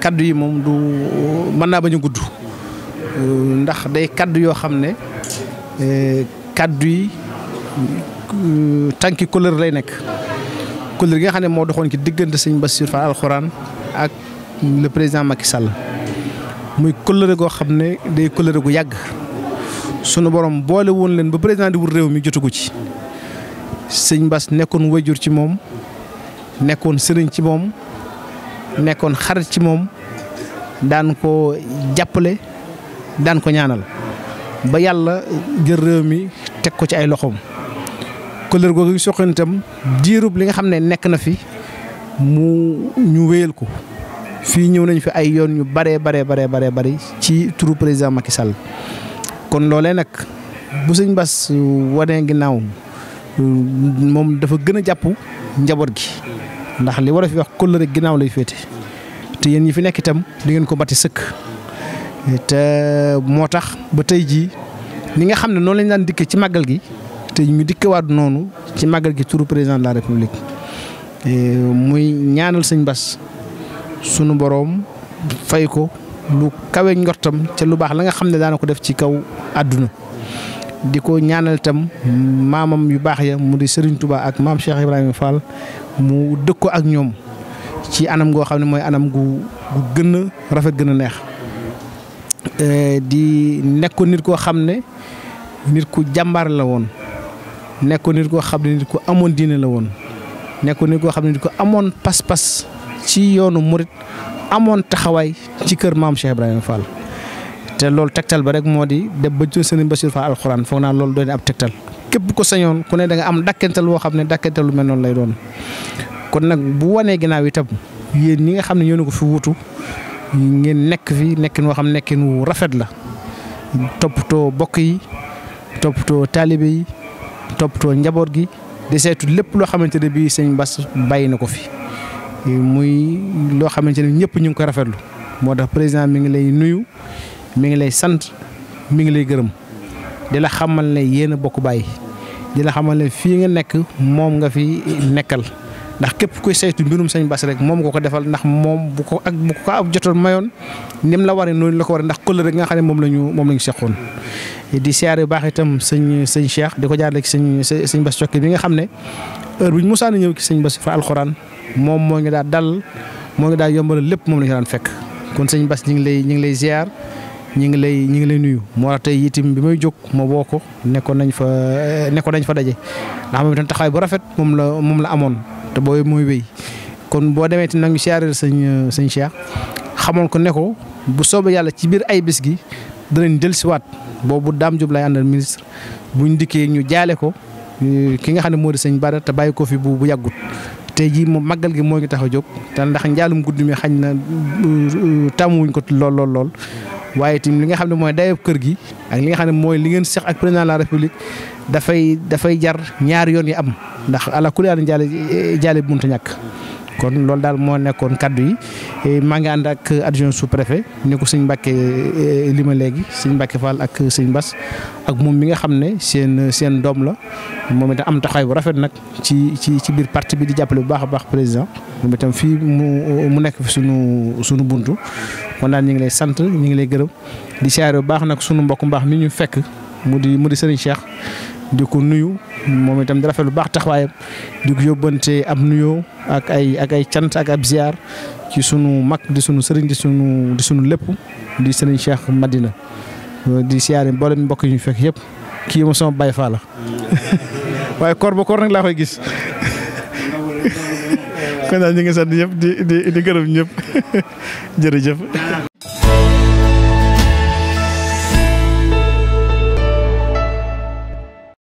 kaddu yi moom du mën naa bañ a gudd euh, ndax day kaddu yoo xam ne euh, kaddu yi euh, tànki couleur lay nekk couleur gi nga xam ne moo doxoon ci diggante sëñ Bassirou Fall alxuraan ak le président Macky Sall muy couleur goo xam ne day couleur gu yàgg sunu borom boole woon leen ba président di wut réew mi jotugu ci sëñ Bass nekkoon wajur ci moom nekkoon sëriñ ci moom nekkoon xarit ci moom daan ko jàppale daan ko ñaanal ba yàlla jël réew mi teg ko ci ay loxoom. këllër googu soxna itam diirub li nga xam ne nekk na fi mu ñu wéyal ko fii ñëw nañ fi ay yoon yu baree baree baree baree bari ci turu président Macky Sall kon loole nag bu sëñ Bass wanee ginnaaw moom dafa gën a jàpp njaboot gi. ndax li war a fi wax kóllëre ginnaaw lay féete te yéen ñi fi nekk itam di ngeen ko bati sëkk te moo tax ba tey jii ni nga xam ne noonu lañ daan dikkee ci màggal gi te ñu dikkewaat noonu ci màggal gi turu président de la république muy ñaanal sëñ Bass sunu boroom fay ko lu kawe njortam te lu baax la nga xam ne daana ko def ci kaw àdduna di ko ñaanal itam maamam yu baax ya mu di Serigne Touba ak maam Cheikh Ibrahima Fall mu dëkk ak ñoom ci anam goo xam ne mooy anam gu gu rafet gën a neex e, di nekk nit koo xam ne nit ku jàmbaar la woon nekk nit koo xam ne nit ko amoon diine la woon nekk nit koo xam ne nit ku amoon pas-pas ci yoonu murit amoon taxawaay ci kër maam Cheikh Ibrahima Fall. te loolu tegtal ba rek moo di dem ba ci sëriñ Bassirou Fall alxuraan foog naa loolu doon ab tegtal képp ko sañoon ku ne da am dakkantal woo xam ne dakkantal lu mel noonu lay doon. kon nag bu wanee ginnaaw itam yéen ñi nga xam ne ñoo ko fi wutu ngeen nekk fi nekkin woo xam nekkin wu rafet la toppatoo bokk yi toppatoo taalibe yi toppatoo njaboot gi di seetu lépp loo xamante ne bii sëñ Bass bàyyi na ko fi muy loo xamante ne ñëpp ñu ngi ko rafetlu moo tax président mi ngi lay nuyu. mi ngi lay sant mi ngi lay gërëm di la xamal ne yéen a bokk bàyyi di xamal ne fii nga nekk moom nga fi nekkal ndax képp kuy saytu mbirum sëñ Bass rek moom nga ko defal ndax moom bu ko ak bu jotoon mayoon ni mu la waree noonu la ko waree ndax këll rek nga xam ne moom la ñu moom la ñu seqoon. di siyaare baax itam sëñ sëñ Cheikh di ko jaarale ci sëñ sëñ Bass bi nga xam ne heure bu ñu mosaan ñëw ci sëñ Bass fa alxuraan moom moo ngi daal dal moo ngi daa yombalal lépp moom la ñu fekk kon sëñ bas ñu ngi lay ñu ngi lay ziar. ñi ngi lay ñi ngi lay nuyu moo tax tey itam bi may jóg moo woo ko nekkoon nañ fa eh, nekkoon nañ fa daje ndax moom itam taxawaay bu rafet moom la moom la amoon te booy mooy wéy kon boo demee itam nag ñu siyaareel sëñ eh, sëñ Cheikh xamoon ko ne ko bu soobee yàlla ci biir ay bis gi danañ dellusiwaat boobu Dame Diop lay àndal ministre buñ dikkee ñu jaale ko eh, ki nga xam ne moo sëñ Bara te bàyyi ko fi bu bu yàggut. tey jii moom màggal gi moo ngi tax a jóg te ndax njaalum gudd mi xañ na wuñ ko lool lool lool waaye itam li nga xam ne mooy dayoo kër gi ak li nga xam ne mooy li ngeen seq ak président de la république dafay dafay jar ñaari yoon yi am ndax ala kulli aal jaale jaale bu mënta kon loolu daal moo nekkoon kaddu yi eh, maa ngi ànd ak adjoint sous préfet ni ko sëñ Mbacke eh, li ma léegi sëñ Mbacke Fall ak sëñ mbas ak moom mi nga xam ne seen seen doom la moom itam am taxawaay bu rafet nag ci ci ci biir parti bi di jàppale bu baax a baax président. moom itam fii mu mu nekk fi sunu sunu buntu kon daal ñu ngi lay sant ñu ngi lay gërëm di siyaare bu baax nag sunu mbokk mbaax mi ñu fekk mu di mu di sëriñ di ko nuyu moom itam di rafet lu baax taxawaayam di yóbbante ab nuyoo ak ay ak ay cant ak ci sunu mag di sunu sëriñ di sunu lépp di sëriñ Cheikh Madina di siyaare mboolem mbokk yi ñu fekk yëpp kii moom sama bay faa la waaye koor ba koor nag laa koy gis. kon daal ñu ngi sant ñëpp di di di gërëm ñëpp